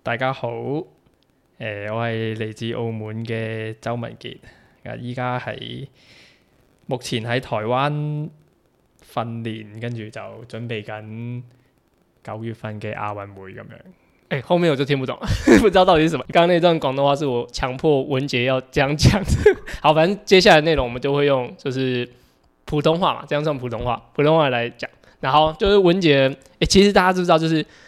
大家好，誒、呃，我係嚟自澳門嘅周汶杰，啊，依家喺目前喺台灣訓練，跟住就準備緊九月份嘅亞運會咁樣。誒、欸，後面我就聽不懂，呵呵，不知道到底是什麼？剛剛那段廣東話是我強迫汶杰要這樣講的，好，反正接下來內容我們就會用就是普通話嘛，這樣算普通話，普通話來講。然後就是汶杰，誒、欸，其實大家知不知道，就是。